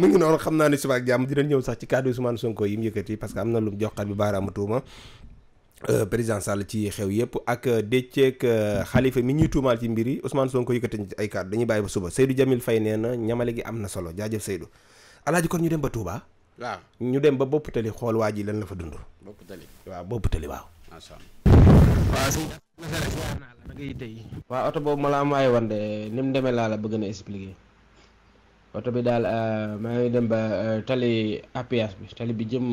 mu ngi noonu xam naa ne suba ak jàmm dinañ ñëw sax ci kàddu Ousmane Sonko yi mu yëkkati parce que am na lu mu joxaat bi baaraamu tuuma euh, président Sall ci xew yëpp ak euh, décceek xalifa euh, mi ñuy tuumaal ci mbir yi Ousmane Sonko yëkkati ay kàddu dañu bàyyi ba suba Seydou Jamil fay nee na ñamale gi am na solo jaajëf Seydou alaaji kon ñu dem ba Touba. ñu dem ba bopp tali xool waa ji lan la fa dund. bopp tali waaw bopp tali waa macha allah. waaw oto boobu ma la am waaye wande ni mu demee laa la bëgg na expliquer. oto bi daal euh, maa ngi dem ba euh, tali APS bi tali bi jëm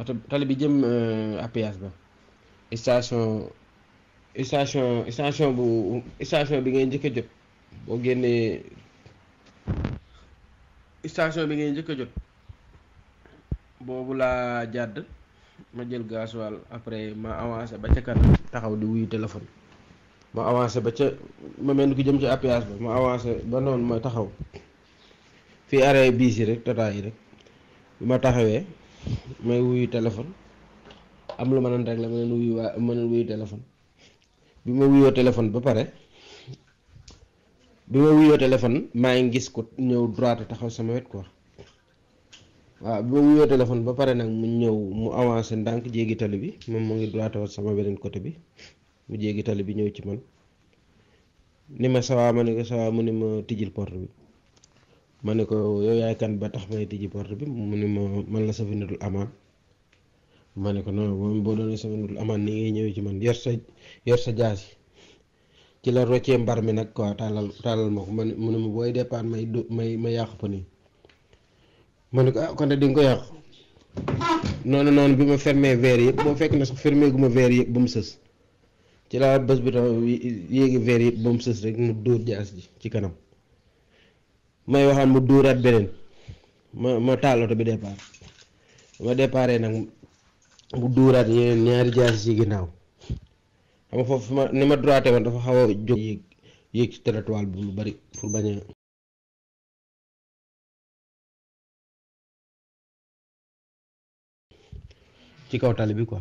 oto tali bi jëm euh, APS ba station station station bu station bi ngay njëkk a jot boo génnee station bi ngay njëkk a jot boobu laa jàdd ma jël gasoil après ma avancé ba ca kanam taxaw di wuyu téléphone ma avancé ba ca ma mel ni ku jëm ci APS ba ma avancé ba noonu ma taxaw fii arrêt biis yi rek tata yi rek bi ma taxawee may wuyu téléphone am lu ma nan rek la ma leen wuyu ma leen wuyu bi ma wuyoo téléphone ba pare bi ma maa ngi gis ko ñëw droite taxaw sama wet quoi waaw bi ma wuyoo ba pare nag mu ñëw mu avancé ndànk jéggi tali bi moom mu sama beneen côté bi mu jéggi bi ñëw ci man ni ma sawaa ma ne ko ma tijjil porte bi ma ne ko yow yaay kan ba tax may tijji port bi mu ne ma man la Safinatul Amaan ma ne ko noonu moom boo doonee Safinatul Amaan ni ngay ñëwee ci man yor sa yor sa jaas yi ci la roccee mbar mi nag quoi tàllal tàllal ma ko ma ne mu ne ma may du may ma yàqu ko nii ne ko ah kon de di nga ko yàqu noonu noonu bi ma fermé verre yëpp boo fekk na sax fermé gu ma verre yëpp ba mu sës ci la bés bi tam yéegi verre yëpp ba mu sës rek mu dóor jaas ci kanam. may waxaan mu duuraat beneen ma ma taal oto bi départ ma déparé nag mu duuraat yeneen ñaari jaasi si ginnaaw xam nga foofu ma ni ma dafa xaw a jóg yéeg yéeg ci trottoir bi lu bari pour bañ ci kaw tali bi ko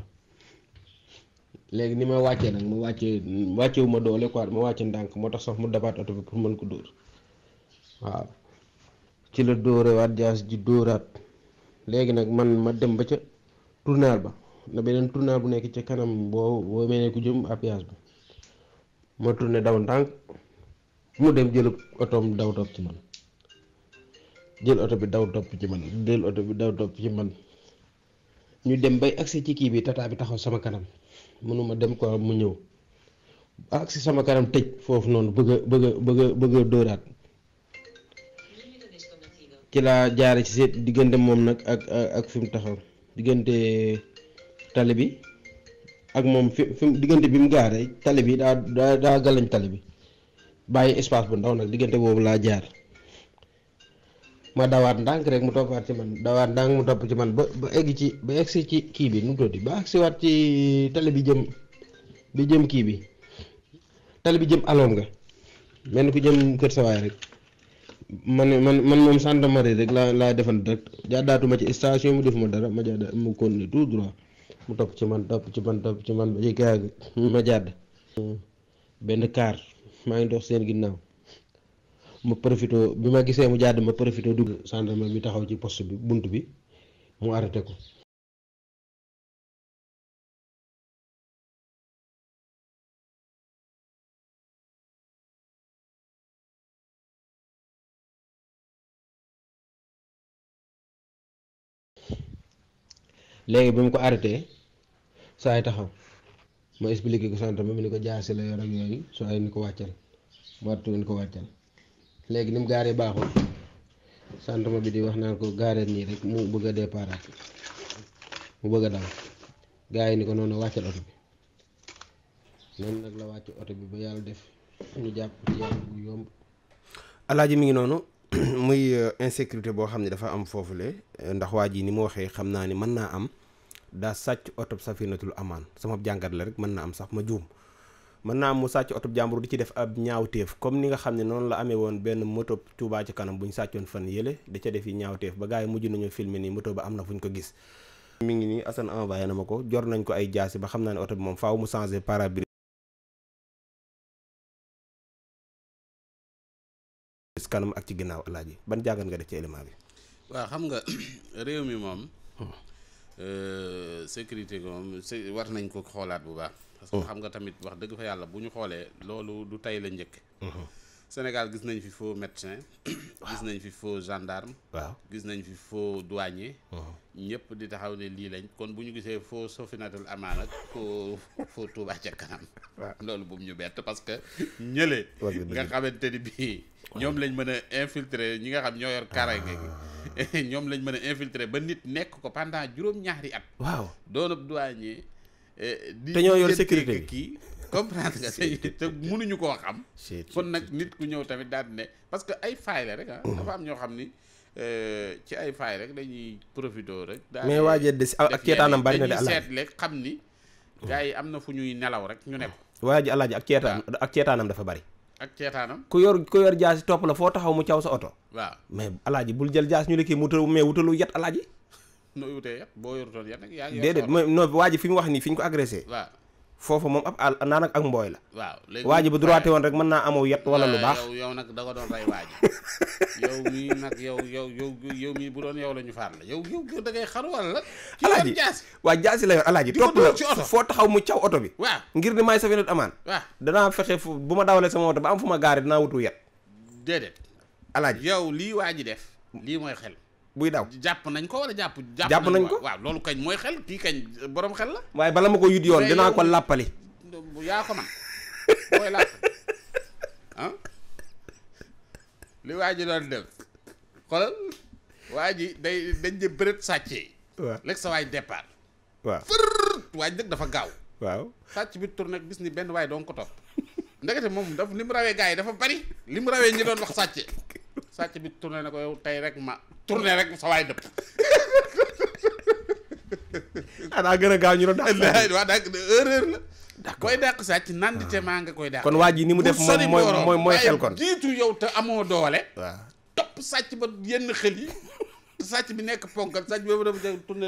léegi ni ma wàccee nag ma wàccee wàccewu ma doole quoi ma wàcce ndànk moo tax sax mu dabaat oto bi pour mën ko dóor waaw ci la dóorewaat jaas ji dóoraat léegi nag man ma dem ba ca tournal ba na beneen tournal bu nekk ca kanam boo boo mel ne ku jëm apiage ba ma tourné daw ndànk mu dem jël otoom daw topp ci man jël oto bi daw topp ci man oto bi daw topp ci ñu dem bay agsi ci kii bi tata bi taxaw sama kanam mënuma dem ko mu ñëw agsi sama kanam tëj foofu noonu bëgg a bëgg a dóoraat ci laa jaare ci seet diggante moom nag ak ak fi mu taxaw diggante tali bi ak moom fi fi diggante bi mu gaare tali bi daa daa galañ tali bi bàyyi espace bu ndaw nag diggante boobu laa jaar ma dawaat ndànk rek mu waat ci man dawaat ndànk mu topp ci man ba ba egg ci ba egsi ci kii bi nu mu tudd ba waat ci tali bi jëm bi jëm kii bi tali bi jëm aloom nga mel ni ku jëm kër sawaay rek man man man moom gendarmerie rek laa laa defan direct jàddaatuma ci station mu defuma dara ma jàdd mu continuer tout droit mu topp ci man topp ci man topp ci man ba ci gaag ma jàdd benn kaar maa ngi dox seen ginnaaw ma profité bi ma gisee mu jàdd ma profité dugg gendarme bi taxaw ci poste bi bunt bi mu arrêté ko léegi bi mu ko arrêté saa yi taxaw ma expliqué ko sant ma mu ni ko jaar si la yor ak yooyu soo ay ni ko wàccal wartu ni ko wàccal léegi ni mu gaaree baaxul sant ma bi di wax naan ko gaaree nii rek mu bëgg a départ mu bëgg a daw gaa yi ni ko noonu wàccal oto bi noonu nag la wàcc oto bi ba yàlla def ñu jàpp yomb alaaji mi ngi noonu muy euh, insécurité boo xam ne dafa am foofu foofule euh, ndax waa ji ni mu waxee xam naa ni mën naa am daa sàcc oto safinatul amaan sama jàngat la rek mën naa am sax ma juum mën naa am mu sàcc oto jàmbur di ci def ab ñaawteef comme ni nga xam ne noonu la amee woon benn moto Tuubaa ci kanam bu ñu sàccoon fan yële da ca def yi ñaawteef ba gars yi mujj nañu filmer ni moto ba am na fu ñu ko gis. mi ngi nii Assane envoyé na ma ko jor nañ ko ay jaasi ba xam naa ne oto bi moom faaw mu changé parabrise kanam ak ci ginnaaw alaaji ban jàngat nga def ci élément bi. waa xam nga réew mi moom. Euh, sécurité moom war nañ ko xoolaat bu baax. parce oh. xam nga tamit wax dëgg fa yàlla bu ñu xoolee loolu du tey la njëkk. Uh-huh. Sénégal gis nañ fi foo médecin. gis nañ fi faux gendarme. waaw gis nañ fi foo douanier. Uh-huh. ñëpp di taxaw ne lii lañ kon bu ñu gisee foo Safinatul Amaan ak faux faux Touba ca kanam. waaw loolu bu ñu bett parce ñële. nga xamante bii. ñoom lañ mën a infiltrer ñi nga xam ñoo yor kaaraange gi ah. ñoom lañ mën a infiltrer ba nit nekk ko pendant juróom-ñaari at. waaw doonub douanier. Eh, di te ñoo yor sécurité kii comprendre nga te mënuñu koo xam. kon nag nit ku ñëw tamit daal di ne parce que ay faay la rek ah. ñoo xam ni. Eh, ci ay faay rek dañuy profité rek. daal mais waajee des ak ceetaanam bari na de. allah seet xam ni. gars yi am na fu ñuy nelaw rek ñu ne waaj waajee ak ceetaan ak ceetaanam dafa bari. ak ceetaanam ku yor ku yor jaasi topp la foo taxaw mu caw sa oto waaw mais alaaji bul jël jaasi ñu ne kii mu wutal mais wutalu yet alaaji nooy wutee yet boo waa ji fi mu wax nii fi ñu ko agressé foofu moom ab àll ak mbooy la. waaw léegi waa ji bu droité woon rek mën naa amoo yat wala lu baax yow yow nag da doon rey waa nag yow yow yow yow mii bu doon yow la ñu faat la da ngay xar waa jaasi la yor alaaji topp la foo taxaw mu caw oto bi. waaw ngir ni may sa vingt amaan. waaw danaa fexe fu bu ma dawalee sama oto ba am fu ma gaaree dinaa wutu yet. déedéet. alaaji yow lii waa ji def lii mooy xel. buy daw jàpp nañ ko wala jàpp. jàpp nañ ko waaw loolu kañ mooy xel kii kañ borom xel la. waaye bala ma ko yut yoon dinaa ko làppali. yaa ko man mooy làpp ah li waa ji doon def xoolal waa ji day dañ de bërët sàccee. waaw lekk sa waaye départ. waaw fër waay dëgg dafa gaaw. waaw sàcc bi tourné gis ni benn waaye doon ko topp ndekete moom daf li mu rawee gars yi dafa bari li mu rawee ñi doon wax sàcce sàcc bi tourné na ko yow tey rek ma. tourné rek sa waay dëpp. xanaa ah, gën a gaaw ñu doon dàq. waaw dàq erreur la. d'accord koy dàq sàcc nandite ah. maa nga koy dàq. kon waa ji ni mu def moom mooy mooy xel kon jiitu yow te amoo doole. waaw topp sàcc ba yenn xel yi. sàcc bi nekk ponkal sàcc boobu dafa tourné.